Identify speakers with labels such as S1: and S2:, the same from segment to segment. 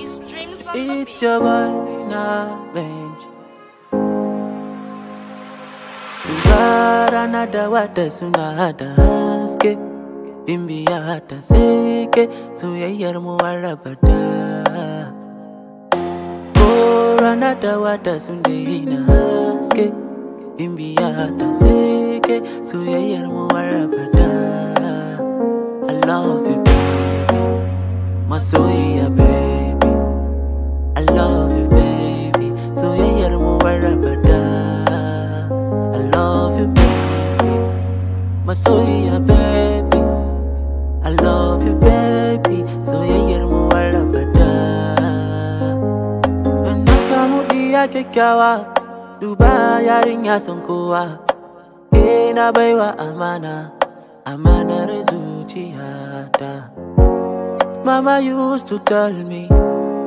S1: It's dreams on It's your boy, nah, Benji. Mara na wata suna hada haske Bimbiya seke soyayyar mu warraba da Mora wata sun na haske Bimbiya seke soyayyar mu warraba I love you baby Masoyiya baby My Masulia, baby I love you, baby So yeah, yeah, mu wala bada Na samu dia kyakkyawa Duba ya son kuwa. Eh na baiwa amana Amanar zuciyata Mama used to tell me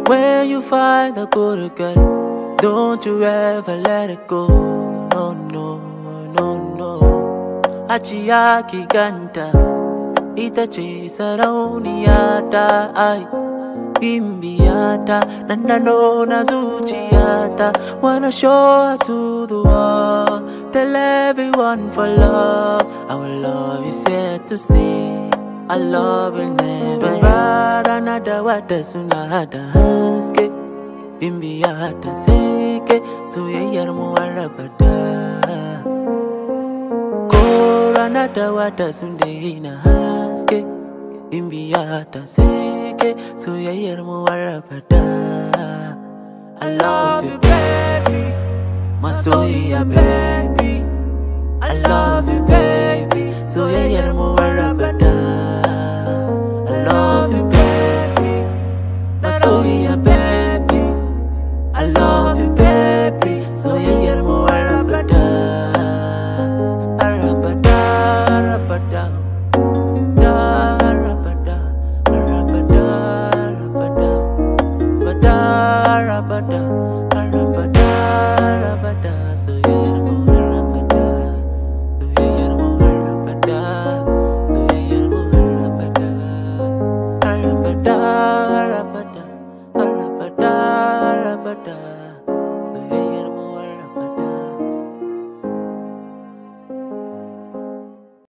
S1: When you find a good girl Don't you ever let it go, no, no hachi ya kiganta ita ce sarauniyata ai gimbiyata nan da nuna zuciyata wanna show to the world tell everyone for love our love is yet to see our love will never rana da wata suna hada haske gimbiyata sai ke soyayyar mu warabata wanata wata sunde ina haske in ta sake soyayyar mu warraba da I love you baby ya baby da ba da.